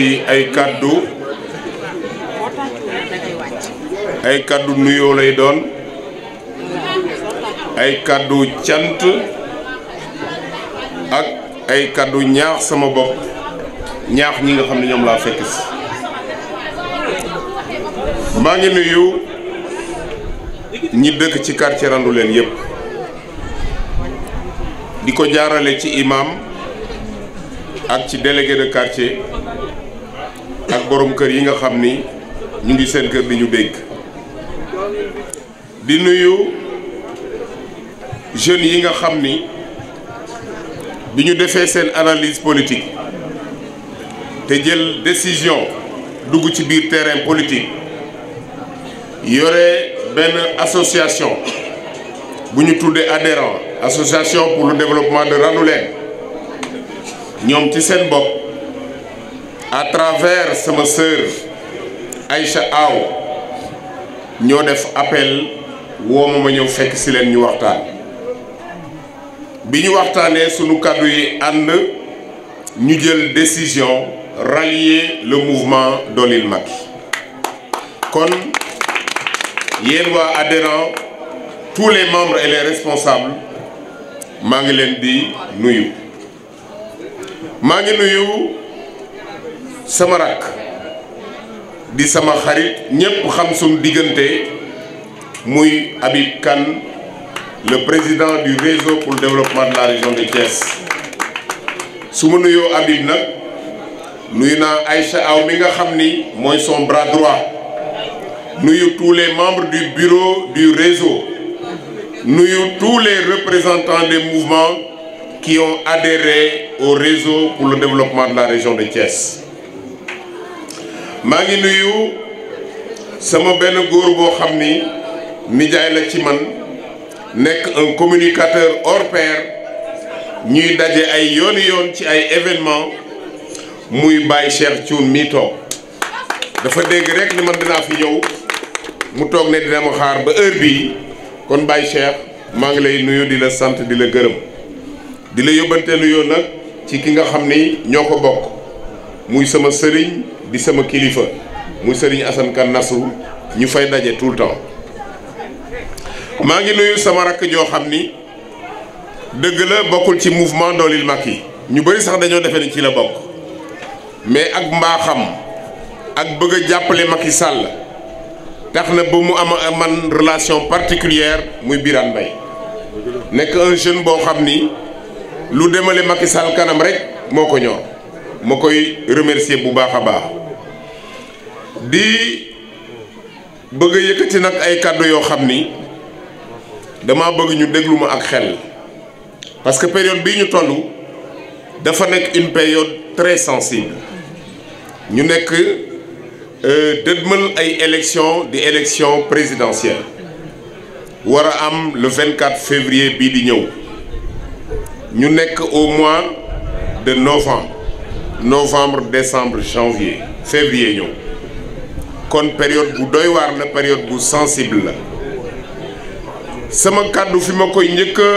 ay kàddu ay kàddu nuyoo lay doon ay kàddu cant ay kàddu ñaax sama bopp ñaax ñi nga xam maa ngi nuyu ñi dëkk ci quartier Randoulène yépp di ko jaarale ci imam ak ci délégué de quartier ak borom kër yi nga xam ni ñu ngi seen kër di ñu dégg di nuyu jeunes yi nga xam ni bi ñu defee seen analyse politique te jël décision dugg ci biir terrain politique yore benn association bu ñu tuddee adhérent association pour le développement de Randoulène ñoom ci seen bopp à travers sama sœur Aïcha Aw ñoo def appel woo ma ma ñëw fekk si leen ñu waxtaan bi ñu waxtaanee sunu kàddu yi ànd ñu jël décision rallier le mouvement Dolil Macky kon yéen waa adhérents tous les membres et les responsables maa ngi leen di nuyu maa ngi nuyu sama rakk di sama xarit ñépp xam suñu diggante muy Habib Kane le président du réseau pour le développement de la région de Thiès su ma nuyoo Habib nag nuyu naa ay Aïcha Aw mi nga xam ni mooy son bras droit nuyu tous les membres du bureau du réseau nuyu tous les représentants des ki qui ont adhéré au réseau pour le développement de la région de Thiès maa ngi nuyu sama benn góor boo xam ni nijaay la ci man nekk un communicateur hors ñuy daje ay yooni yoon ci ay événement muy Baye Cheikh Thioune mii toog dafa dégg rek ni man dinaa fi yow mu toog ne di ma xaar ba heure bii kon Baye Cheikh maa ngi lay nuyu di la sant di la gërëm di la yóbbante nuyoo nag ci ki nga xam ni ñoo ko bokk muy sama sëriñ di sama kilifa muy sëriñ Assane Kan ñu fay daje tout le temps maa ngi nuyu sama rakk joo xam ni dëgg la bokkul ci mouvement Doolil yi ñu bëri sax dañoo defee ni ci la bokk mais ak mbaaxam ak bëgg a jàppale Macky sàll tax na ba mu am man relation particulière muy Birane Mbaye nekk un jeune boo xam ni lu demale Macky Sall kanam rek moo ko ñor. ma koy remercier bu baax a baax di bëgg yëkkati nag ay kàddu yoo xam ni dama bëgg ñu déglu ma ak xel parce que période bii ñu toll dafa nekk une période très sensible ñu nekk euh, dëdmal ay élection di élection présidentielle war a am le 24 février bii di ñëw ñu nekk au mois de novembre novembre décembre janvier février ñëw kon période bu doy waar na période bu sensible la sama kàddu fi ma koy njëkk a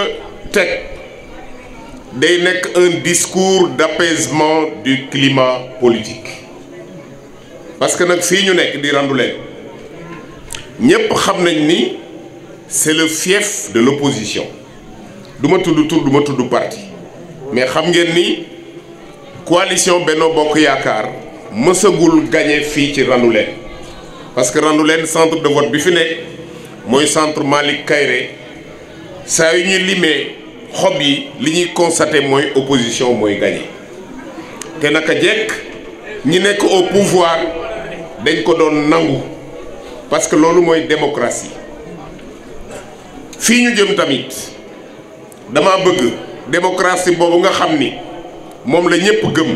teg day nekk un discours d'apaisement du climat politique parce que nag fii ñu nekk di randu ñépp xam nañ ni c'est le fief de l'opposition du ma tudd tur du tudd parti mais xam ngeen ni coalition Benno Bokk Yaakaar mësagul gañe fii ci Randoulène parce que Randoulène centre de vote bi fi ne mooy centre Malick kayre saa yu ñuy limee xob yi li ñuy constaté mooy opposition mooy gañe te naka jekk ñi nekk au pouvoir dañ ko doon nangu parce que loolu mooy démocratie fii ñu jëm tamit dama bëgg démocratie boobu nga xam ni moom la ñëpp gëm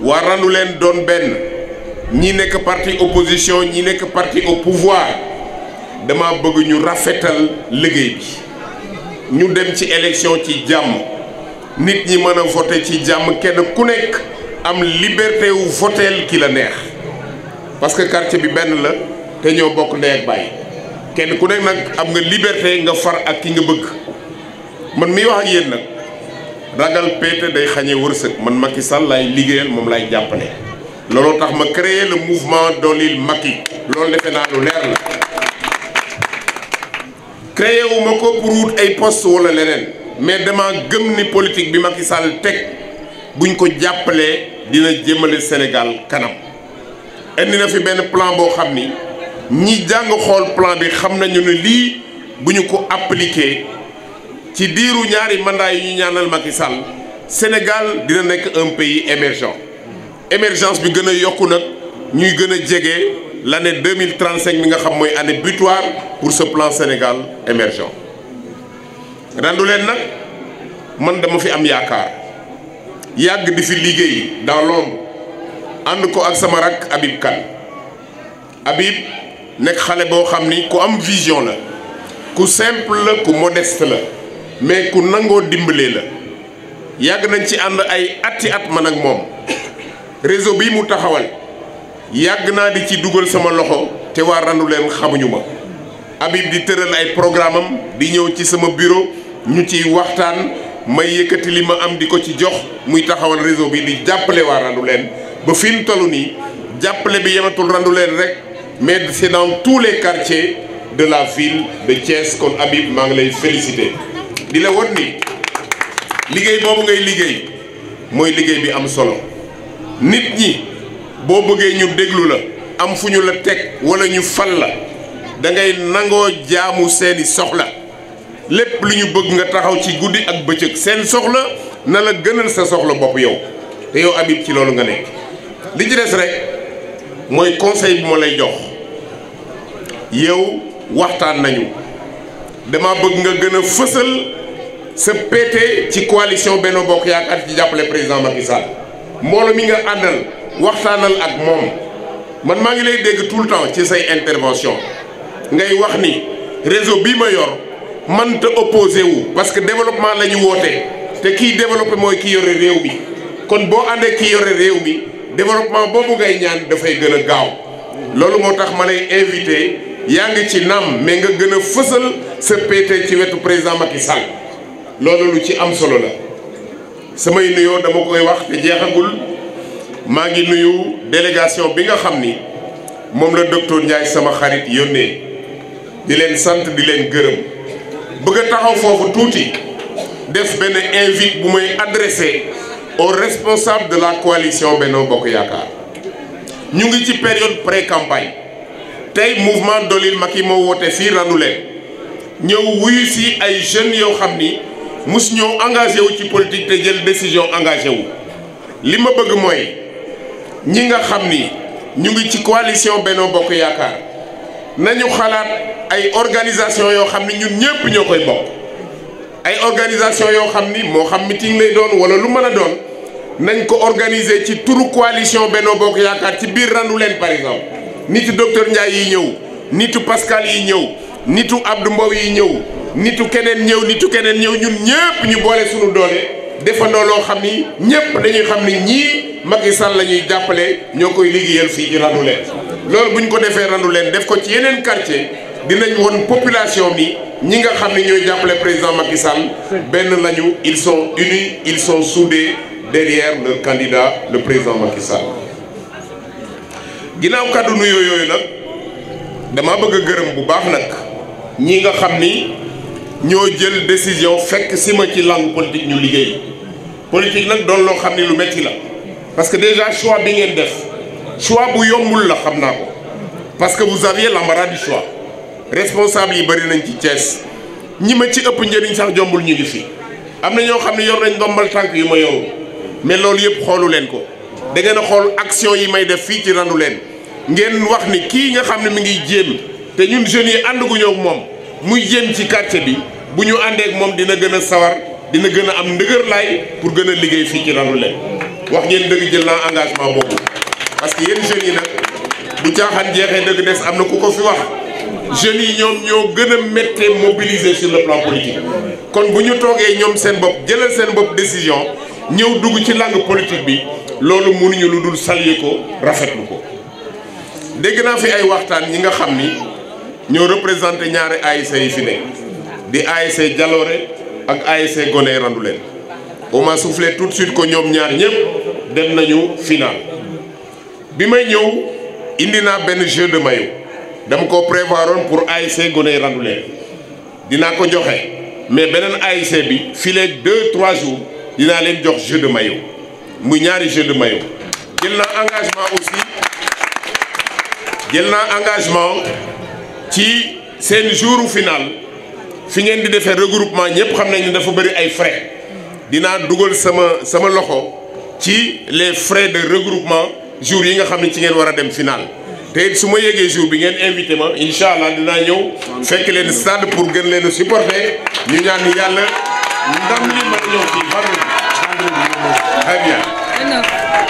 war nanu leen doon benn ñi nekk parti opposition ñii nekk parti au pouvoir dama bëgg ñu rafetal liggéey bi ñu dem ci élection ci jàmm nit ñi mën a vote ci jàmm kenn ku nekk am liberté wu voteel ki la neex parce que quartier bi benn la te ñoo bokk ndey ak bàyyi kenn ku nekk nag am nga liberté nga far ak ki nga bëgg mën mi wax ak yéen nag ragal péete day xañee wërsëg man Macky Sall laay liggéeyal moom laay jàppale looloo tax ma créer le mouvement Doolil Macky loolu defe naa lu leer la créé wu ma ko pour ay post wala leneen mais dama gëm ni politique bi Macky Sall teg buñ ko jàppalee dina jëmale senegal kanam indi na fi benn plan boo xam ni ñi jàng xool plan bi xam nañu ne lii bu ñu ko appliqué ci diiru ñaari mandat yi ñu ñaanal Macky Sall Sénégal dina nekk un pays émergent émergence bi gën a yokku nag ñuy gën a jege l' année deux mille cinq mi nga xam mooy année butoir pour sa plan Sénégal émergent rendu leen nag man dama fi am yaakaar yàgg di fi liggéey dans l'ombre ànd ko ak sama rak Habib Kane Habib nekk xale boo xam ni ku am vision la ku simple la ku modeste la mais ku nangoo dimbalee la yàgg nañ ci ànd ay atti at man ak moom réseau bii mu taxawal yàgg naa di ci dugal sama loxo te waa randu leen xamuñu ma Habib di tëral ay programme am di ñëw ci sama bureau ñu ciy waxtaan may yëkkati li ma am di ko ci jox muy taxawal réseau bi di jàppale waa randu leen ba fi mu toll nii jàppale bi yematul randu leen rek mais c'est dans tous les quartiers de la ville de Thiès kon Habib maa ngi lay féliciter di la won ni liggéey boobu ngay liggéey mooy liggéey bi am solo nit ñi boo bëggee ñu déglu la am fu ñu la teg wala ñu fal la da ngay nangoo jaamu seeni soxla lépp lu ñu bëgg nga taxaw ci guddi ak bëccëg seen soxla na la gënal sa soxla bopp yow te yow Habib ci loolu nga nekk li ci des rek mooy conseil bi ma lay jox yow waxtaan nañu dama bëgg nga gën fësal sa pété ci coalition benn Bokk Yaakaar ci jàppale président Macky Sall mbooloo mi nga àndal waxtaanal ak moom man maa ngi lay dégg tout le temps ci say intervention ngay wax ni réseau bii ma yor man te opposé wu parce que développement la ñu woote te kii développé mooy kii yore réew mi kon boo àndee ki yore réew mi développement boobu ngay ñaan dafay gën a gaaw loolu moo tax ma ne invité yaa ngi ci naam mais nga gën a fësal sa pété ci wetu président Macky Sall. loolu lu ci am solo la samay nuyoo dama koy wax te jeexagul maa ngi nuyu délégation bi nga xam ni moom la docteur Ndiaye sama xarit yónnee di leen sant di leen gërëm bëgg a taxaw foofu tuuti def benn invite bu may adressé o responsables de la coalition Benno Bokk Yaakaar ñu ngi ci période pré campagne tey mouvement Dolil Macky moo woote fii ranu leen ñëw wuyu si ay jeunes yow xam ni. mus ñoo engagé wu ci politique te jël décision engagé wu li ma bëgg mooy ñi nga xam ni ñu ngi ci coalition Benno Bokk Yaakaar nañu xalaat ay organisation yoo xam ni ñun ñëpp ñoo koy bokk ay organisation yoo xam ni moo xam meeting lay doon wala lu mën a doon nañ ko organiser ci turu coalition bennoo Bokk Yaakaar ci biir randu leen par exemple nitu docteur Ndiaye yi ñëw nitu Pascal yi ñëw nitu Abdou Mbow yi ñëw nitu keneen ñëw nitu keneen ñëw ñun ñëpp ñu boole sunu doole defandoo loo xam ni ñëpp dañuy xam ni ñii Macky Sall la ñuy jàppale ñoo koy liggéeyal fii ci randu leen loolu bu ñu ko defee ranu leen def ko ci yeneen quartier dinañ won population bi ñi nga xam ne ñooy jàppale président Macky Sall benn lañu ils sont unis ils sont soudés derrière leur candidat le président Macky Sall ginnaaw kàddu nuyoo yooyu nag dama bëgg a gërëm bu baax nag. ñi nga xam ni ñoo jël décision fekk si ma ci langue politique ñu liggéey politique nag doon loo xam ni lu métti la parce que déjà choix bi ngeen def choix bu yombul la xam naa ko parce que vous aviez l'embarras du choix responsable yi bëri nañ ci cees ñi ma ci ëpp njëriñ sax jombul ñu ngi fi am na ñoo xam ne yor nañ ndombal tànk yu ma yoru mais loolu yëpp xoolu leen ko dangeen a xool action yi may def fii ci randu leen ngeen wax ni kii nga xam ne mi ngi jéem te ñun jeunes yi ànd gu ñëw moom muy jëm ci quartier bi bu ñu àndeek moom dina gën a sawar dina gën a am ndëgër laay pour gën a liggéey fii ci Randoulène wax ngeen dëgg jël naa engagement boobu parce que yéen jeunes yi nag bu caaxaan jeexee dëgg des am na ku ko fi wax jeunes yi ñoom ñoo gën a méttee mobiliser sur le plan politique kon bu ñu toogee ñoom seen bopp jëlal seen bopp décision ñëw dugg ci langue politique bi loolu mënuñu lu dul saluer ko rafetlu ko dégg naa fi ay waxtaan ñi nga xam ni ñoo représenté ñaari ASC yi fi ne di ASC Jaloore ak ASC Goney Randoulène on m'a tout de suite ko ñoom ñaar ñëpp dem nañu final bi may ñëw indi naa benn jeu de maillot dama ko prévoiroon pour ASC Goney Randoulène dinaa ko joxe mais beneen ASC bi filee deux trois jours dinaa leen jox jeu de maillot muy ñaari jeu de maillot jël naa engagement aussi jël naa engagement ci seen jour finaal fi ngeen di defee regroupement ñëpp xam nañ ne dafa bëri ay frais dinaa dugal sama sama loxo ci les frais de regroupement jour yi nga xam ne ci ngeen war a dem final. te it su ma yégee jour bi ngeen invité ma incha allah dinaa ñëw fekk leen stade pour gën leen a supporter ñu ñaan yàlla ndam li mën a ñëw fii vendredi. très bien.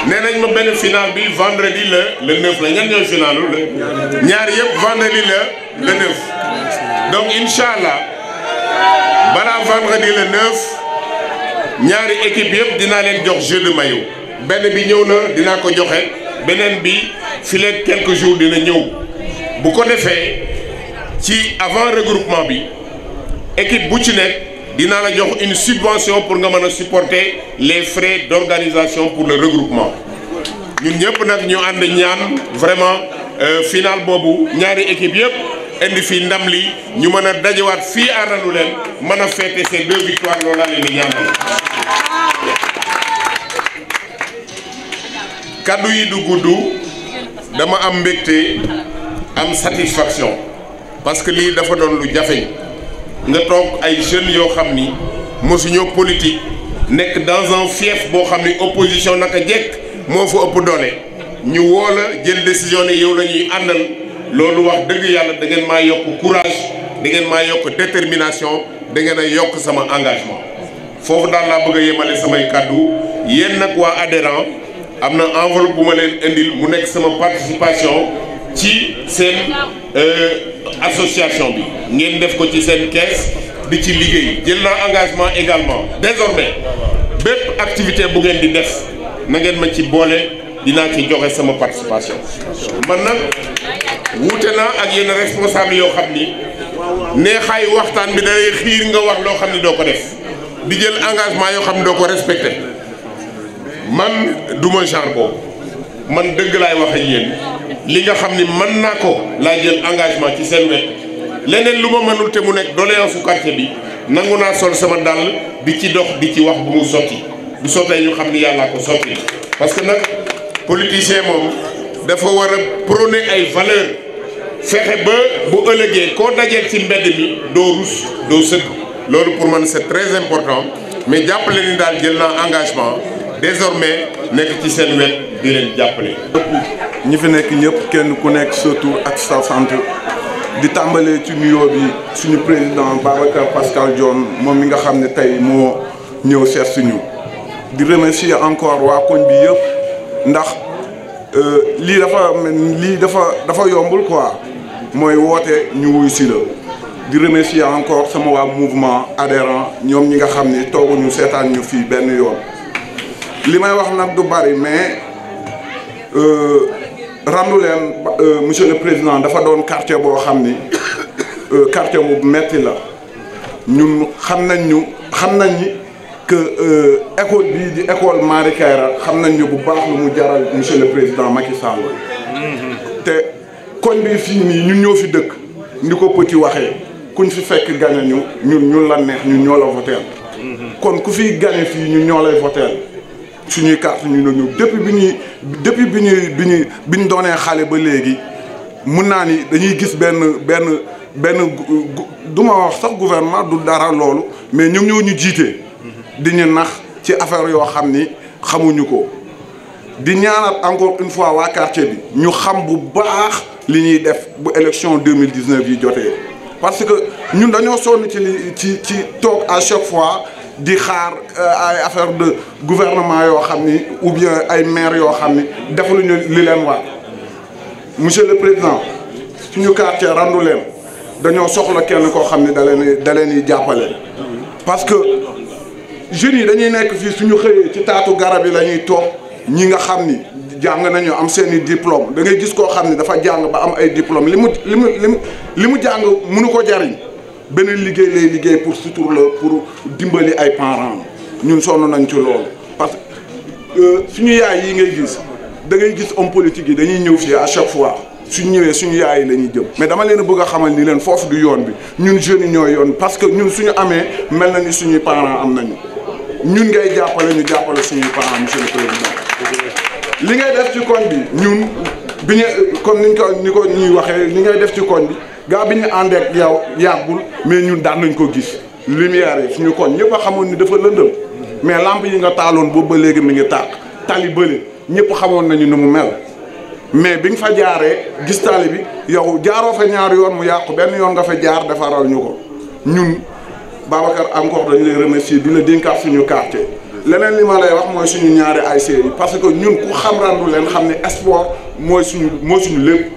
nee nañ ma benn final bi vendredi la le 9 la ñan ñooy final la ñaar yëpp vendredi la le donc incha allah balaa vendredi le 9 ñaari équipe yëpp dinaa leen jox jeu de maillot benn bi ñëw na dinaa ko joxe beneen bi fileeg quelques jours dina ñëw bu ko defee ci avant regroupement bi équipe bu ci nekk. dinaa la jox une subvention pour nga mën a supporter les frais d'organisation pour le regroupement ñun ñëpp nag ñu ànd ñaan vraiment euh, final boobu ñaari équipe yëpp indi fii ndam li ñu mën a dajewaat fii àndalu leen mën a fêter ces deux victoires loolaa leen di ñaanal kaddu yi du gudd dama am mbégte am satisfaction parce que lii dafa doon lu jafeñ nga toog ay jeunes yoo xam ni mosuñoo politique nekk dans un fief boo xam ni opposition naka jekk moo fa ëpp doole ñu woo la jël décision ne yow la ñuy àndal loolu wax dëgg yàlla da ngeen maa yokk courage da ngeen maa yokk détermination da ngeen a yokk sama engagement foofu daal laa bëgg a yemale samay kàddu yéen nag waa adhérent am na enveloppe bu ma leen indil mu nekk sama participation ci seen euh, association bi ngeen def ko ci seen caisse di ci liggéey jël naa engagement également désormais bépp activité bu ngeen di def na ngeen ma ci boole dinaa ci joxe sama participation man nag wuute naa ak yenn responsable yoo xam ni neexaay waxtaan bi dalay xiir nga wax loo xam ni doo ko def di jël engagement yoo xam ne doo ko respecté man duma genre boobu man dëgg laay wax ak yéen li nga xam ni mën naa ko laa jël engagement ci seen wet leneen lu ma mënul te mu nekk doléance su quartier bi nangu naa sol sama dàll bi ci dox di ci wax bu mu sotti bu sottee ñu xam ni yàllaa ko sotti parce que nag politicien moom dafa war a prôner ay valeur fexe ba bu ëllëgee koo dajeel ci mbedd mi doo rus doo sëgg loolu pour man c'est très important mais jàppale ni daal jël naa engagement désormais nekk ci seen wet di leen jàppale. ñi fi nekk ñëpp kenn ku nekk sa ak sa sant di tàmbalee ci nuyoo bi suñu président Babacar Pascal Dione moom mi nga xam ne tey moo ñëw seet suñu di remercier encore waa koñ bi yëpp ndax euh, lii dafa lii dafa dafa yombul quoi mooy woote ñu wuy si la di remercier encore sama waa mouvement adhérent ñoom ñi nga xam ni tooguñu seetaan ñu fii benn yoon. li may wax nag du bari mais euh, randu leen euh, monsieur le président dafa doon quartier boo xam ni euh, quartier bu metti la ñun xam nañ ñu xam nañ ni que école bii di école Marie Kayra xam nañ ñu bu baax lu mu jaral monsieur le président Macky Sall mm-hmm. te koñ bi fii nii ñun ñoo fi dëkk ni ko petit waxee kuñ fi fekk gañe ñu ñun ñun la neex ñun ñoo la voteel mm-hmm. kon ku fiy gañe fii ñun ñoo lay voteel suñuy carte ñu ne ñu depuis bi ñuy depuis bi ñuy bi ñuy bi ñu doonee xale ba léegi mun naa ni dañuy gis benn benn benn du ma wax sax gouvernement du dara loolu mais ñoom ñëw ñu jiite. di ñu nax ci affaire yoo xam ni xamuñu ko di ñaanal encore une fois waa quartier bi ñu xam bu baax li ñuy def bu élection 2019 yi jotee parce que ñun dañoo sonn ci li ci toog à chaque fois. di xaar euh, ay affaire de gouvernement yoo xam ni ou bien ay maire yoo xam ni defaluñu li leen war monsieur le président suñu quartier randu leen dañoo soxla kenn koo xam ni da leen da leen jàppale parce que jeunes yi dañuy nekk fii suñu xëyee ci taatu garab yi la ñuy toog ñii nga xam ni jàng nañu am seen i diplôme da ngay gis koo xam ni dafa jàng ba am ay diplôme li mu li mu li mu li mu jàng mënu ko jariñ beneen liggéey lay liggéey pour sutur la pour dimbali ay parents ñun sonn nañ ci loolu parce que euh, suñu yaay yi ngay gis da ngay gis homme politique yi dañuy ñëw fii à chaque fois suñ ñëwee suñu yaay la ñuy jëm mais dama leen bëgg a xamal ni leen foofu du yoon bi ñun jeunes yi ñooy yoon parce que ñun suñu amee mel na ni suñuy parents am nañu ñun ngay jàppale ñu jàppale suñuy parents monsieur le président li ngay def ci koñ bi ñun bi ñu kon niñ ko ni ko ñuy waxee ñi ngay def ci koñ bi gaa bi ñu ànd ak yow yàggul mais ñun daan nañu ko gis lumière yi suñu koñ ñëpp xamoon ni dafa lëndëm mais lampe yi nga taaloon boobu ba léegi mi ngi tàq tali bële ñëpp xamoon nañu ni mu mel mais bi nga fa jaaree gis tali bi yow jaaroo fa ñaari yoon mu yàqu benn yoon nga fa jaar defaral ñu ko ñun Babacar encore dañu lay remercier di la dénkaat suñu quartier leneen li ma lay wax mooy suñu ñaari ASC yi parce que ñun ku xam randu leen xam ne sport mooy suñu mooy suñu lépp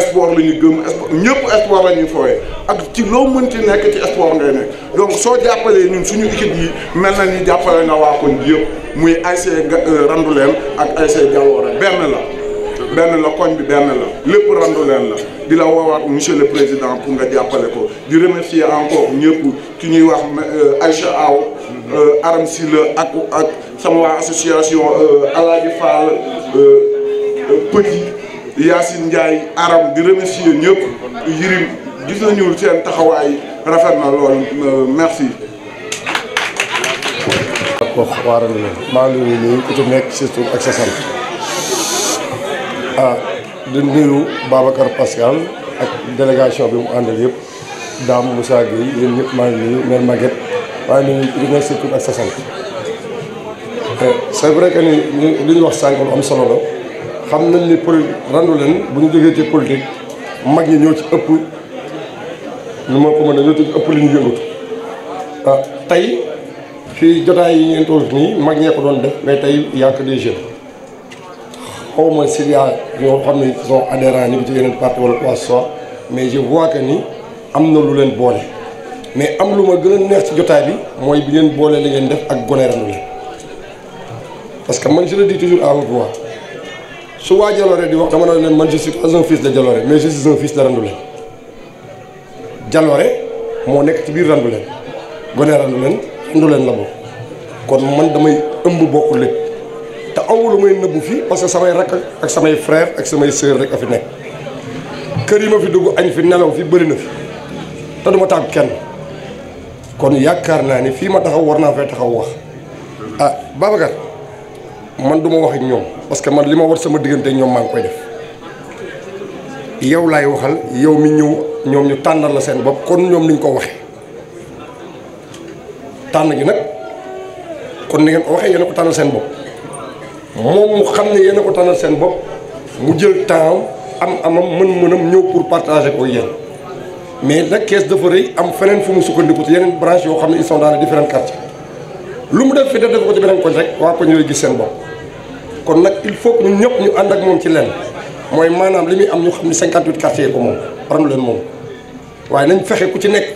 sport la ñu gëm sport ñëpp sport la ñuy fooyee ak ci loo mënti nekk ci sport ngay nekk donc soo jàppalee ñun suñu équipe yi mel na ni jàppale nga waa koñ bi yëpp muy ga euh, randu leen ak ASC Jaloore benn la. benn la koñ bi benn la lépp randu leen la di la woowaat monsieur le président pour nga jàppale ko di remercier encore ñëpp ki ñuy wax euh, Aïcha Aw. Euh, Aram Sylla ak ak sama waa association euh, Alaaji Fall euh, Petit Yacine Ndiaye Aram di remercier ñëpp Yirim gis nañu seen taxawaay rafet na lool merci. maa ngi leen di nuyu ci nekk si tur ak sa sant ah di nuyu Babacar ak délégation bi mu àndal yëpp Dame Moussa Gueye yéen ñëpp maa ngi nuyu maire waaye ñu ngi ñu ngi surtout ak sasant te c'est vrai que ni li ñu wax sànq lu am solo la xam nañ ni poli randu leen bu ñu jógee ci politique mag ñi ñëw ci ëpp lu ma ko mën a ñoo ci ëpp li ñu yëngatu ah tey fii jotaay yi ngeen toll nii mag ñee ko doon def mais tey yàq des jeunes xaw ma si yaa ñoo xam ne sont adhérents ñu ngi ci yeneen parti wala quoi soit mais je vois que ni am na lu leen boole. mais am lu ma gën a neex ci jotaay bi mooy bi ngeen boolee li ngeen def ak gone Randoulé parce que man je le dis toujours à bi voix su waa Jalooré di wax dama ne leen man je si pas un fils de Jalooré mais je suis moo nekk ci biir Randoulé gone ndu leen la bokk kon man damay ëmb bokkul lépp te amul lu may nëbbu fii parce que samay rakk ak samay frère ak samay sœur rek a fi nekk kër yi ma fi dugg añ fi nelaw fi bëri na fi te duma tàgg kenn. kon yaakaar naa ne fii ma taxaw war naa fa taxaw wax ah Babacar man du ma wax ak ñoom parce que man li ma war sama diggante ñoom maa ngi koy def yow laay waxal yow mi ñëw ñoom ñu tànnal la seen bopp kon ñoom niñ ko waxee tànn gi nag kon ni ngeen ko waxee yéen ko tànnal seen bopp moom mu xam ne yéen ko tànnal seen bopp mu jël temps am amam mën-mënam ñëw pour partager ko yéen. mais nag kees dafa rëy am feneen fu mu sukkandiku ci yeneen branche yoo xam ne ils sont dans les différents quartiers lu mu def fi def ko ci beneen koñ rek waa ko ñooy gis seen bopp kon nag il faut que ñëpp ñu ànd ak moom ci lenn mooy maanaam li muy am ñu xam ne 58 quartiers ko moom ram leen moom waaye nañ fexe ku ci nekk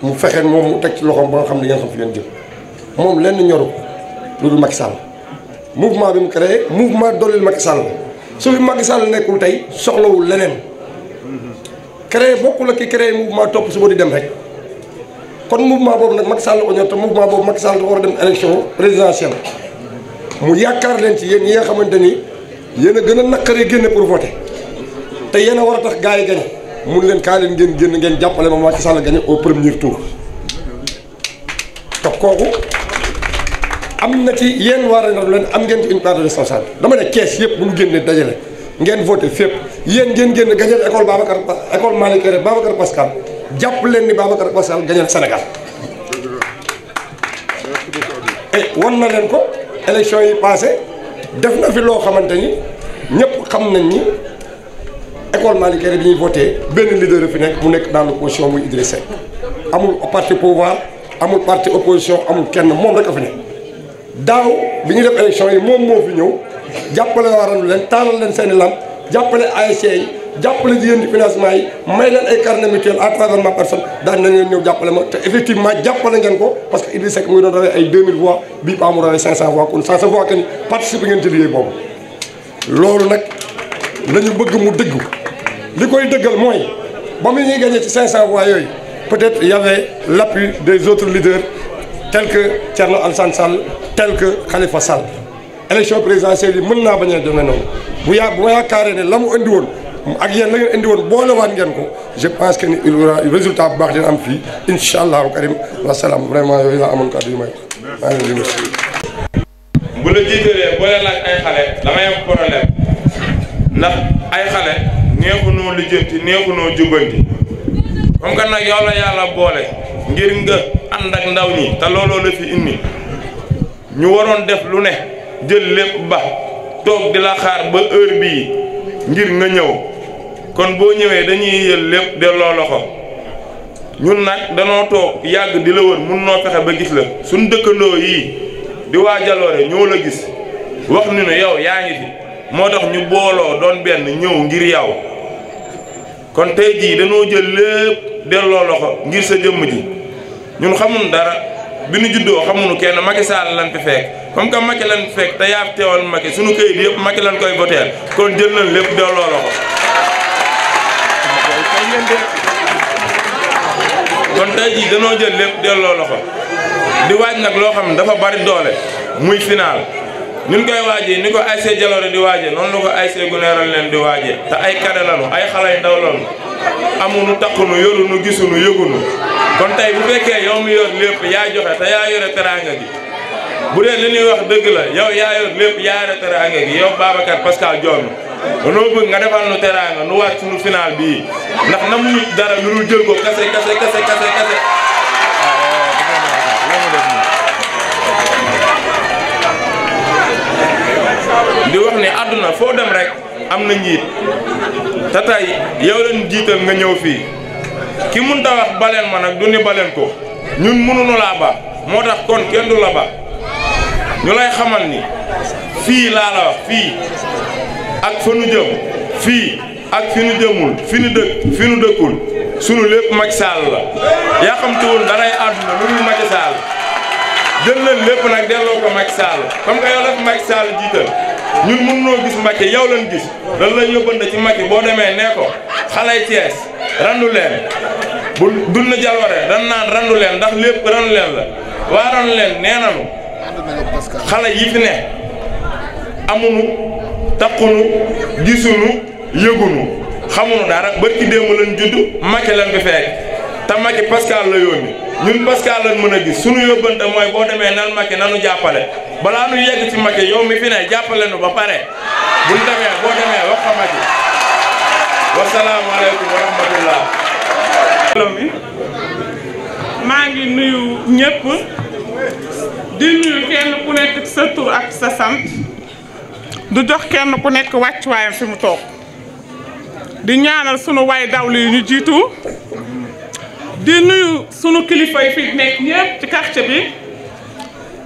mu fexee moom mu teg ci loxoom ba nga xam ne ngeen xam fi leen jëm moom lenn ñoru lu dul Macky Sall mouvement bi mu créé mouvement dooleel Macky Sall su fi Macky Sall nekkul tey soxlawul leneen cre créé bokkul ak ki créé mouvement topp suma di dem rek kon mouvement boobu nag mag Sall ko ñor te mouvement boobu Macky Sall dafa war a dem élection présidentielle mu yaakaar leen ci yéen ñi nga xamante ni yéen gën a naqaree génne pour voter te yéen a war a tax gars yi gañe mun leen kaa leen ngeen génn ngeen jàppale ma Macky Sall gañe au premier tour te kooku am na ci yéen waa ren leen am ngeen ci une part de responsable dama ne kees yëpp bu mu génnee dajale. ngeen voté fépp yéen ngeen génn gañal école Babacar école Malick Kéré Babacar Pascal jàpp leen ni Babacar Pascal gañal Sénégal e eh, wan na leen ko élection yi passé def na fi loo xamante ni ñëpp xam nañ ni école Malick Kéré bi ñuy voté benn leader fi nekk mu nekk dans l'opposition muy Idrissa Seck amul parti pouvoir amul parti opposition amul kenn moom rek a fi nekk daaw bi ñuy def élection yi moom moo fi ñëw jàppale waa Randu leen taalal leen seen i lamp jàppale ASC yi jàppale jigéen di financement yi may leen ay carnet mutuel à travers ma personne daan nañ leen ñëw jàppale ma te effectivement jàppale ngeen ko parce que Idrissa Seck mu ngi doon rawee ay 2000 voix bii ba mu rawee 500 voix kon kenn participe ngeen ci liggéey boobu loolu nag lañu bëgg mu dëggu li koy dëggal mooy ba mu ñuy gagné ci 500 voix yooyu peut-être y avait l'appui des autres leaders tels que Thierno Alassane Sall tels que Khalifa élection présidentielle yi mën naa bañ a demee noonu bu yaa bu ma yaakaaree ne la mu andi woon ak yéen ngeen ko je pense que ni résultat bu baax dina am fii incha allahu karim wasalaam vraiment yooyu laa amoon kàddu yu bu la jiitalee boo leen ay xale damay am problème ndax ay xale neexu noo lijjanti neexu noo jubbanti comme nag yow la yàlla boole ngir nga ànd ndaw ñi te looloo la fi indi ñu waroon def lu ne. jël lépp ba toog di la xaar ba heure bii ngir nga ñëw kon boo ñëwee dañuy yël lépp delloo loxo ñun nag danoo toog yàgg di la woon mun noo fexe ba gis la suñ dëkkandoo yii di waa jaloore ñoo la gis wax ni ne yow yaa ngi moo tax ñu booloo doon benn ñëw ngir yow kon tey jii danoo jël lépp delloo loxo ngir sa jëmm ji ñun xamul dara bi nu juddoo xamuñu kenn Macky Sall lan fi fekk comme que Macky lan fi fekk te yaa teewal Macky suñu këyit yëpp Macky lan koy voteel kon jël nañ lépp delloo la kon tey jii danoo jël lépp delloo la ko di waaj nag loo xam ne dafa bari doole muy final. nin koy waajee ni ko ASC Jalooré di waajee noonu la ko ASC Gunóoral leen di waajee te ay kade lanu ay xale yu ndaw lanu amunu takkunu yorunu gisunu yëgunu kon tey bu fekkee yow mi yor lépp yaa joxe te yaa yore teraanga gi bu dee li ñuy wax dëgg la yow yaa yor lépp yaa yore teraanga gi yow Babacar Pascal Diome danoo bëgg nga defal nu teraanga nu waat sunu final bii ndax namuñu dara lu dul jël ko kase kase kase kase kase di wax ne àdduna foo dem rek am na njiit te tey yow leen jiital nga ñëw fii ki mun ta wax baleen ma nag du ni baleen ko ñun mënuñu laa moo tax kon kenn du la ba ñu lay xamal ni fii laa la wax fii ak fa nu fii nu jëmul fi nu dëkk fi nu dëkkul sunu lépp Macky Sall la yaa xam te woon daray àdduna lu dul Macky Sall leen lépp nag delloo ko Macky Sall xam nga yow la fi jiital ñun mën noo gis Mbacke yow lañ gis loolu la yóbbante ci Mbacke boo demee nee ko xalay Thiès randu leen bu dund jalware dan naan randu leen ndax lépp randu leen la waa randu leen nee nanu xale yi fi ne amunu taqunu gisunu yëgunu xamunu dara barki démb lañ judd Mbacke leen fi fekk te Macky Pascal la yónni ñun Pascal lañ mën a gis suñu yóbbante mooy boo demee nan Macky nanu jàppale balaa nu yegg ci Macky yow mi fi ne jàppale nu ba pare buñ demee boo demee wax ko Macky wasalaamaaleykum wa rahmatullah maa ngi nuyu ñëpp di nuyu kenn ku nekk sa tur ak sa sant du jox kenn ku nekk wàcc waayam fi mu toog di ñaanal sunu way dawli yu ñu jiitu di nuyu sunu kilifa yi fi nekk ñëpp ci quartier bi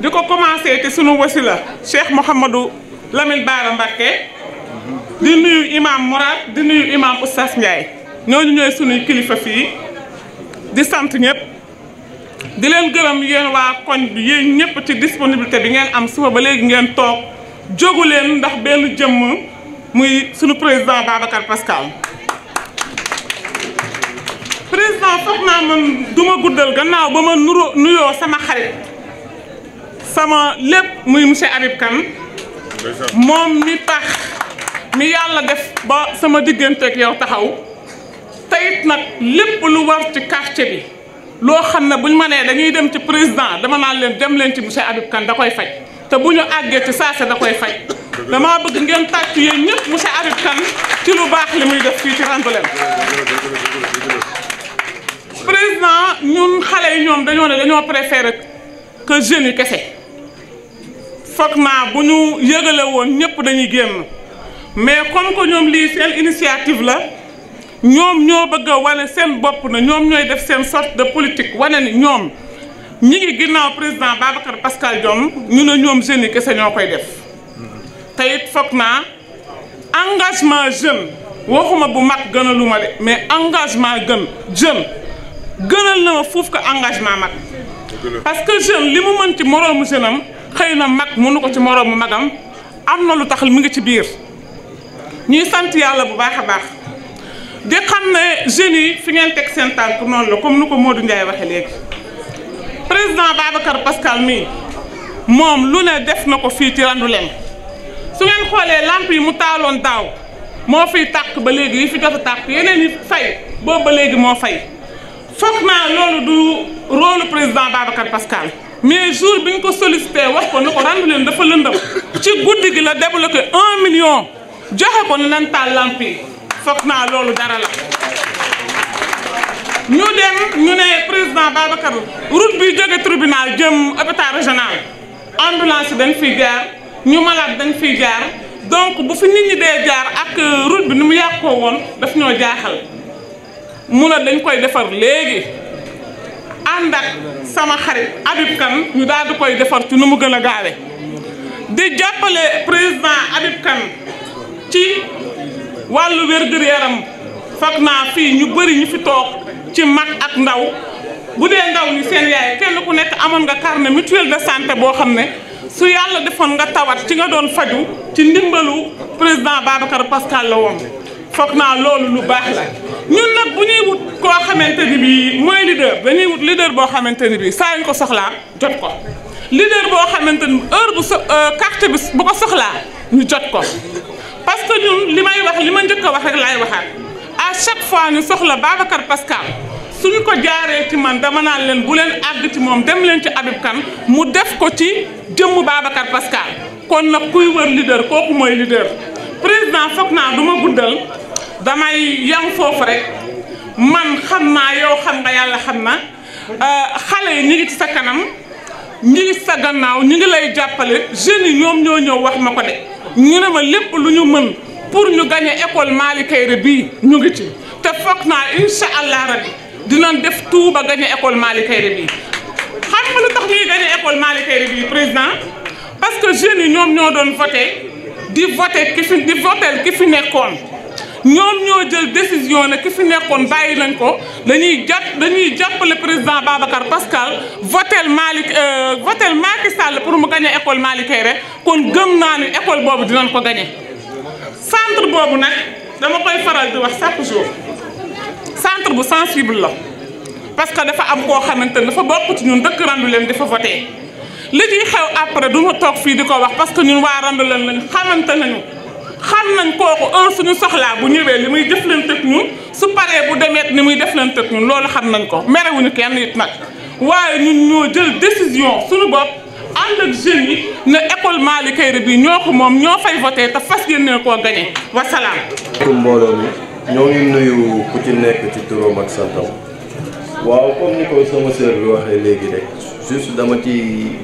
di ko commencé te sunu wasila Cheikh Mouhamadou Lamine Bara Mbacké di nuyu imam Mourad di nuyu imam Oustaz Ndiaye ñooñu ñooy sunuy kilifa fii di sant ñëpp di leen gërëm yéen waa koñ bi yéen ñëpp ci disponibilité bi ngeen am suba ba léegi ngeen toog jógu leen ndax benn jëmm muy sunu président Babacar Pascal président foog naa man du ma guddal gannaaw ba ma nuroo nuyoo sama xarit sama lépp muy monsieur Habib kan moom mi tax mi yàlla def ba sama digganteeg yaw taxaw teyit nag lépp lu war ci quartier bi loo xam ne bu ñu ma nee dañuy dem ci président dama naan leen dem leen ci monsieur Habib Kane da koy faj te bu ñu àggee ci saase da koy faj damaa bëgg ngeen tàcc yéen ñëpp monsieur Habib Kane ci lu baax li muy def fii ci Rangoulème président ñun xale yi ñoom dañoo ne dañoo préféré que jeunes yi kese foog naa bu ñu yëgale woon ñëpp dañuy génn mais comme que ñoom lii seen initiative la ñoom ñoo bëgg wane seen bopp na ñoom ñooy def seen sorte de politique wane ni ñoom ñi ngi ginnaaw président Babacar Pascal Diome ñu ne ñoom jeunes yi kese ñoo koy def te it foog naa engagement jeune waxuma bu mag gënaluma de mais engagement gën jeune. gënal na ma fuuf ko engagement mag parce que jeune li mu mën ci moroomu jeune am xëy na mag mënu ko ci moroomu magam am na lu tax mu ngi ci biir ñuy sant yàlla bu baax a baax di xam ne jeunes yi fi ngeen teg seen tànk noon la comme nu ko Modou Ndiaye waxee léegi président Babacar Pascal mii moom lu ne def na ko fii ci randu lem su ngeen xoolee lamp yi mu taaloon daaw moo fiy tàkk ba léegi yi fi jot a tàkk yeneen yi fay boobu ba léegi moo fay foog naa loolu du rôle président Babacar Pascal mais jour bi ñu ko sollicité wax ko ne ko rendu leen dafa lëndëm ci guddi gi la débloqué un million joxe ko ne nan taal lampi naa loolu dara la ñu dem ñu ne président Babacar route bi jóge tribunal jëm hôpital régional ambulance dañ fi jaar ñu malaat dañ fi jaar donc bu fi nit ñi dee jaar ak route bi ni mu yàqoo woon daf ñoo jaaxal mu ne dañ koy defar léegi ànd ak sama xarit Habib Kane ñu daal di koy defar ci nu mu gën a gaawe di jàppale président Habib Kane ci wàllu wér-gu-yaram foog naa fi ñu bëri ñu fi toog ci mag ak ndaw bu dee ndaw ñu seen yaay kenn ku nekk amoon nga carnet mutuelle de santé boo xam ne su yàlla defoon nga tawat ci nga doon faju ci ndimbalu président Babacar Pascal la woon foog naa loolu lu baax la ñun nag bu ñuy wut koo xamante ni bii mooy leader dañuy wut leader boo xamante ni bii saa ñu ko soxlaa jot ko leader boo xamante ni heure bu so euh, carte bi bu ko soxlaa ñu jot ko parce que ñun li may wax li ma njëkk a wax rek laay waxaat a chaque fois ñu soxla Babacar su suñu ko jaaree ci man dama naan leen bu leen àgg ci moom dem leen ci Habib Kane mu def ko ci jëmm Babacar Pascal kon nag kuy wër leader kooku mooy leader président foog naa du ma guddal. damay yam foofu rek man xam naa yow xam nga yàlla xam na euh, xale yi ñu ngi ci sa kanam ñu ngi sa gannaaw ñu ngi lay jàppale jeunes yi ñoom ñoo ñëw wax ma ko de ñu ne ma lépp lu ñu mën pour ñu gañe école Malick Kaïré bii ñu ngi ci te foog naa incha allah rabi dinañ def tout ba gagné école Malick Kaïré bii. xam nga lu tax ñuy gagné école Malick Kaïré bii président parce que jeunes yi ñoom ñoo doon voté di voté ki fi di voté ki fi nekkoon. ñoom ñoo jël décision ne ki fi nekkoon bàyyi nañ ko dañuy jàpp dañuy jàppale président Babacar Pascal votel Malick euh, votel Macky Sall pour mu gagné école Malick rek kon gëm naa ni école boobu dinañ ko gagné. centre boobu nag dama koy faral di wax chaque jour centre bu sensible la parce que dafa am koo xamante ne dafa bokk ci ñun dëkk randu leen dafa voté li ciy xew après du ma toog fii di ko wax parce que ñun waa randu leen lañ xamante nañu. xam nañ kooku un suñu soxlaa bu ñëwee li muy jëflanteeg ñun su paree bu demee ni muy jëflanteeg ñun loolu xam nañ ko merewuñu kenn it nag waaye ñun ñoo jël décision suñu bopp ànd ak jeunes yi ne école Malick Kaïré bi ñoo ko moom ñoo fay voté te fas yéene koo gañe wasalaam. asalaamaaleykum mbooloo mi ñoo ngi nuyu ku ci nekk ci turam ak santam waaw comme ni ko sama bi waxee léegi rek juste dama ci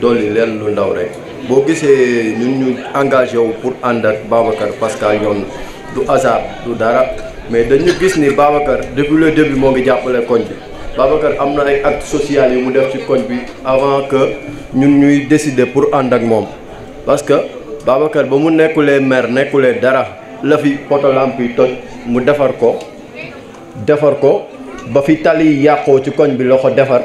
dolli leen lu ndaw rek. boo gisee ñun ñu engagé wu pour ànd ak Babacar Pascal ñoom du hasard du dara mais dañu gis ni Babacar depuis le début moo ngi jàppale koñ bi Babacar am na ay ak social yu mu def ci koñ bi avant que ñun ñuy décider pour ànd ak moom parce que Babacar ba mu nekkulee maire nekkulee dara la fi poto lamp yi toj mu defar ko defar ko ba fi tali yàqoo ci koñ bi loxo defar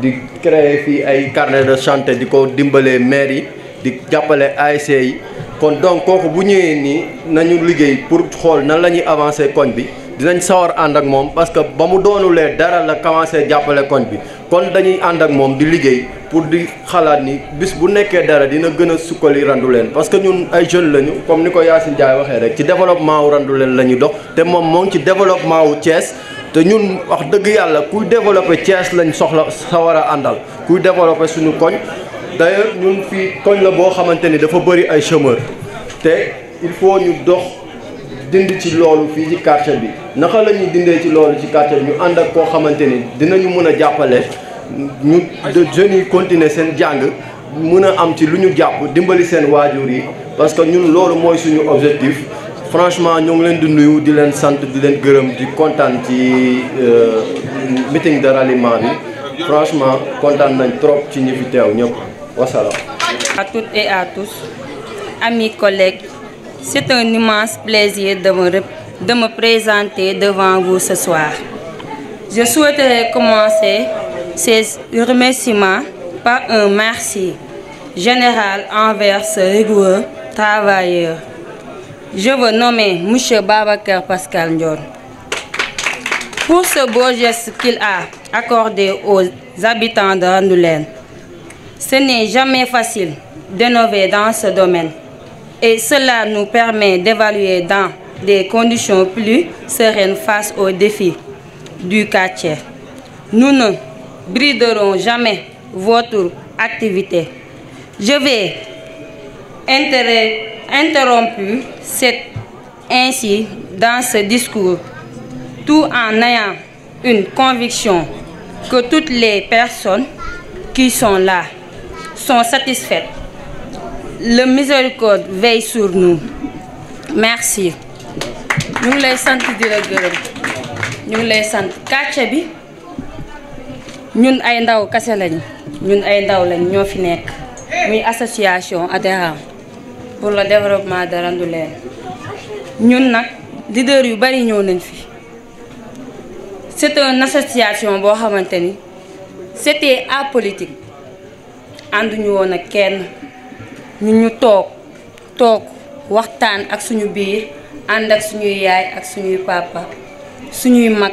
di créer fii ay carnet de chantier di ko dimbalee maire yi di jàppale ASC yi kon donc kooku bu ñëwee nii nañu liggéey pour xool nan la ñuy avancer koñ bi dinañ sawar ànd ak moom parce que ba mu doonulee dara la commencé jàppale koñ bi kon dañuy ànd ak moom di liggéey pour di xalaat ni bis bu nekkee dara dina gën a sukkali randu leen parce que ñun ay jeunes lañu comme ni ko Yacine Diaye waxee rek ci développement wu randu leen la ñuy dox te moom moom ci développement wu cees te ñun wax dëgg yàlla kuy développé Thiès lañ soxla sawar a àndal kuy développé suñu koñ d'ailleurs ñun fii koñ la boo xamante ni dafa bëri ay chômeurs te il faut ñu dox dindi ci loolu fii ci quartier bi naka la ñuy dindee ci loolu ci quartier bi ñu ànd ak koo xamante ni dinañu mën a jàppale ñu de jeunes yi continuer seen jàng mën a am ci lu ñu jàpp dimbali seen waajur yi parce que ñun loolu mooy suñu objectif franchement ñoo ngi leen di nuyu di leen sant di leen gërëm di kontaan ci euh, meeting de ralliement bi franchement kontaan nañ trop ci ñi fi teew ñëpp. Wassalam. À toutes et à tous, amis collègues, c'est un immense plaisir de me, de me présenter devant vous ce soir. Je souhaiterais commencer ces remerciements par un merci général envers ce rigoureux travailleur. Je veux nommer M. Babacar Pascal Ndion pour ce beau geste qu'il a accordé aux habitants de Randoulène. Ce n'est jamais facile d'innover dans ce domaine et cela nous permet d'évaluer dans des conditions plus sereines face aux défis du quartier. Nous ne briderons jamais votre activité. Je vais interrompre cette ainsi dans ce discours tout en ayant une conviction que toutes les personnes qui sont là sont satisfaites. Le miséricorde veille sur nous. Merci. ñu ngi lay sant di ñu ngi lay sant quartier bi ñun ay ndaw kase lañ ñun ay ndaw lañ ñoo fi nekk muy association adhérents pour le développement de Randoulène ñun nag leader yu bari ñëw nañ fi c'est une association boo xamante ni c'était apolitique ànduñu woon ak kenn ñu ñu toog toog waxtaan ak suñu biir ànd ak suñuy yaay ak suñuy papa suñuy mag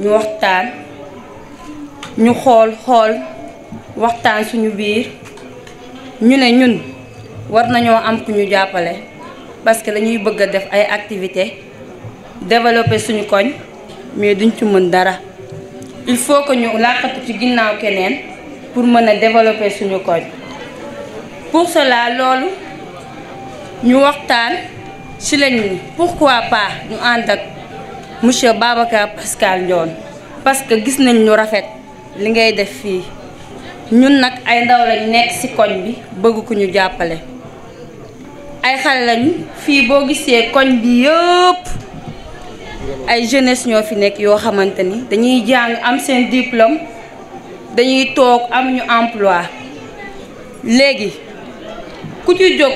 ñu waxtaan ñu xool xool waxtaan suñu biir ñu ne ñun war nañoo am ku ñu jàppale parce que dañuy bëgg a def ay activité développer suñu koñ mais duñ ci mën dara il faut que ñu làqatu ci ginnaaw keneen pour mën a développer suñu koñ pour cela loolu ñu waxtaan ci lañ ni pourquoi pas ñu ànd ak monsieur Babacar Pascal Ndione parce que gis nañ ñu rafet li ngay def fii ñun nag ay ndaw lañ nekk ci koñ bi bëgg ku ñu jàppale ay xale lañu fii boo gisee koñ bi yëpp ay jeunesse ñoo fi nekk yoo xamante ni dañuy jàng am seen diplôme dañuy toog am ñu emploi léegi ku ci jóg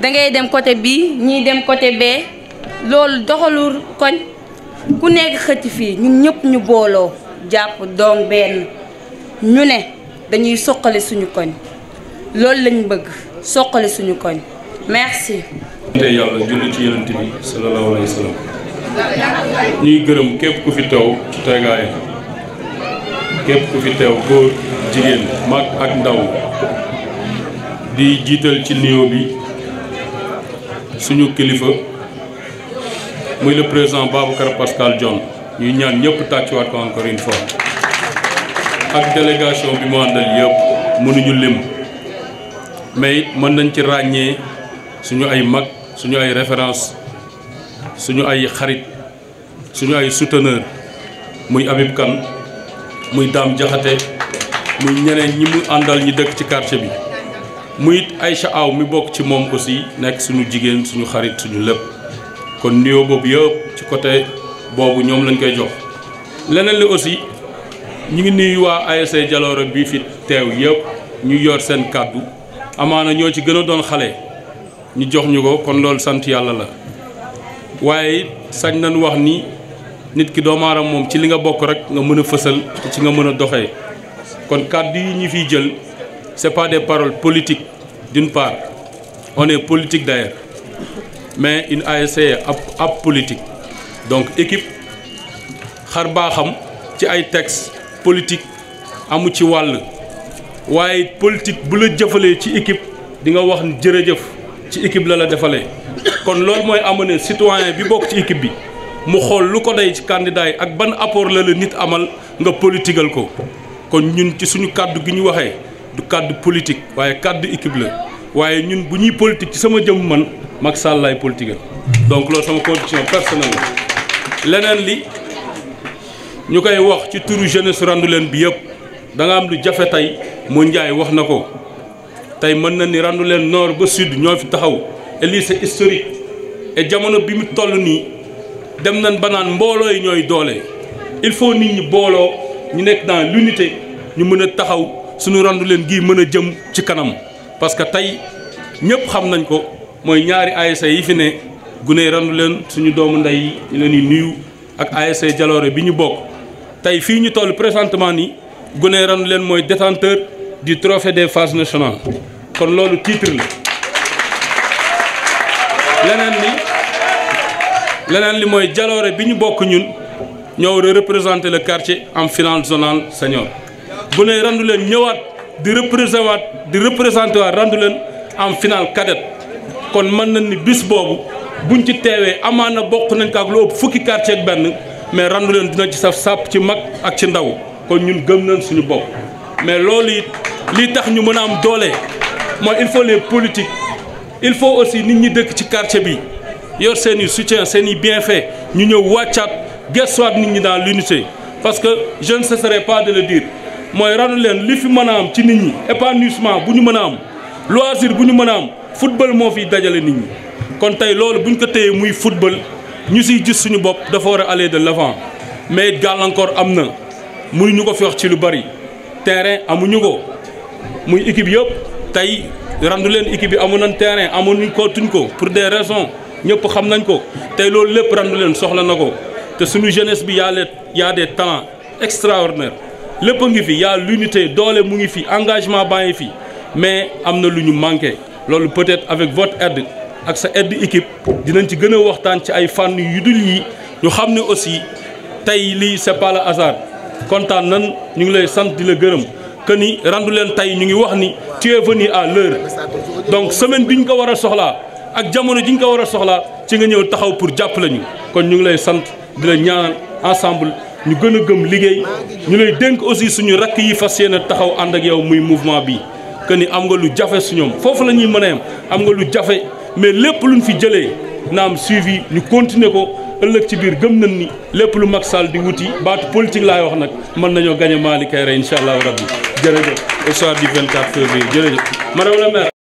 da ngay dem côté bii ñii dem côté bee loolu doxalul koñ ku nekk xëcc fii ñun ñëpp ñu booloo jàpp doon benn ñu ne dañuy soqale suñu koñ loolu lañu bëgg soqale suñu koñ merci. tey yàlla julli ci yonent bi sallallahu ñuy gërëm képp ku fi taw ci toogaayam. képp ku fi teew góor jigéen mag ak ndaw di jiital ci nuyoo bi suñu kilifa muy le président Babacar Pascal Dione ñuy ñaan ñëpp tàccuwaat ko encore une ak délégation bi mu àndal yëpp mënuñu lim mais mën nañ ci ràññee suñu ay mag suñu ay référence suñu ay xarit suñu ay souteneur muy Habib Kane muy Dame Diakhaté muy ñeneen ñi mu àndal ñi dëkk ci quartier bi mu it Aïcha Aw mi bokk ci moom aussi nekk suñu jigéen suñu xarit suñu lépp kon nuyoo boobu yëpp ci côté boobu ñoom lañ koy jox leneen li aussi ñu ngi nuyu waa ASC Jaloore bi fi teew yëpp ñu yor seen kàddu amaana ñoo ci gën a doon xale ñu jox ñu ko kon loolu sant yàlla la waaye sañ nañ wax ni nit ki doomu aadama moom ci li nga bokk rek nga mën a fësal ci nga mën a doxee kon kàddu yi ñu fiy jël c'est pas des paroles politiques d'une part one politique d'ailleurs mais une ASC ab ab politique donc équipe xar baaxam ci ay textes politique amu ci wàll waaye politique bu la jëfalee ci équipe di nga wax jërëjëf ci équipe la la defalee kon loolu mooy amener citoyen bi bokk ci équipe bi mu xool lu ko day ci candidat ak ban apport la la nit amal nga politigal ko kon ñun ci suñu kàddu gi ñu waxee du kàddu politique waaye kàddu équipe la waaye ñun bu ñuy politique ci sama jëm man Macky Sall laay politigal donc loolu sama conviction personnelle la leneen li ñu koy wax ci turu jeunesse rendu leen bi yëpp da am lu jafe tey mu Ndiaye wax na ko tey mën na ni rendu leen nord ba sud ñoo fi taxaw et lii c'est jamono bi mu toll nii dem nañ ba naan mbooloo yi ñooy doole il faut nit ñi booloo ñu nekk dans l'unité ñu mën a taxaw suñu randu leen gii mën a jëm ci kanam parce que tey ñëpp xam nañ ko mooy ñaari ASC yi fi ne guney randu leen suñu doomu ndey ñu leen nuyu ak ASC Jaloore bi ñu bokk tey fii ñu toll présentement nii gune randu leen mooy détenteur di trophée des phases nationale kon loolu titre la leneen leneen li mooy jaloore bi ñu bokk ñun ñoo war a représenter le quartier en finale zonale senior bu ne randu leen ñëwaat di représenter waat di représenter waat randu leen en finale cadet kon mën nañ ni bis boobu buñ ci teewee na bokk nañ ko ak lu ëpp fukki quartier benn mais randu leen dina ci saf sàpp ci mag ak ci ndaw kon ñun gëm nañ suñu bopp mais loolu it lii tax ñu mën a am doole mooy il faut les politiques il faut aussi nit ñi dëkk ci quartier bi yor seen i seeni seen i ñu ñëw wàccaat gestuwaat nit ñi dans l'unité parce que je ne cesserai pas de le dire mooy ranu leen li fi mën a am ci nit ñi épanouissement bu ñu mën a am loisir bu ñu mën a am football moo fiy dajale nit ñi kon tey loolu bu ñu ko téyee muy football ñu siy gis suñu bopp dafa war a aller de l'avant mais it gàllankoor am na mënuñu ko fi wax ci lu bari terrain amuñu ko muy équipe yëpp tey randu leen équipe bi amoon nañ terrain amoon ko tuñ ko pour des raisons ñëpp xam nañ ko tey loolu lépp randu leen soxla na ko te suñu jeunesse bi y a les y des talents extraordinaires lépp a ngi fi y a l'unité doole mu ngi fi engagement baa ngi fi mais am na lu ñu manqué loolu peut-être avec votre aide ak sa aide équipe dinañ ci gën a waxtaan ci ay fànn yu dul yi ñu xam ne aussi tey li c'est pas le hasard kontaan nan ñu ngi lay sant di la gërëm que ni randu leen tey ñu ngi wax ni tu à l'heure donc semaine bi ñu ko war a soxlaa ak jamono ji ñu ko war a soxlaa ci nga ñëw taxaw pour jàpp ñu kon ñu ngi lay sant di la ñaan ensemble ñu gën a gëm liggéey ñu lay dénk aussi suñu rakk yi fas yéene taxaw ànd ak yow muy mouvement bi que ni am nga lu jafe su ñoom foofu la ñuy mën a yem am nga lu jafe mais lépp lu ñu fi jëlee na am suivi ñu continuer ko ëllëg ci biir gëm nañ ni lépp lu Macky Sall di wuti baatu politique laay wax nag mën nañoo gagné Mali Kaïré incha allahu rabbi jërëjëf au soir du 24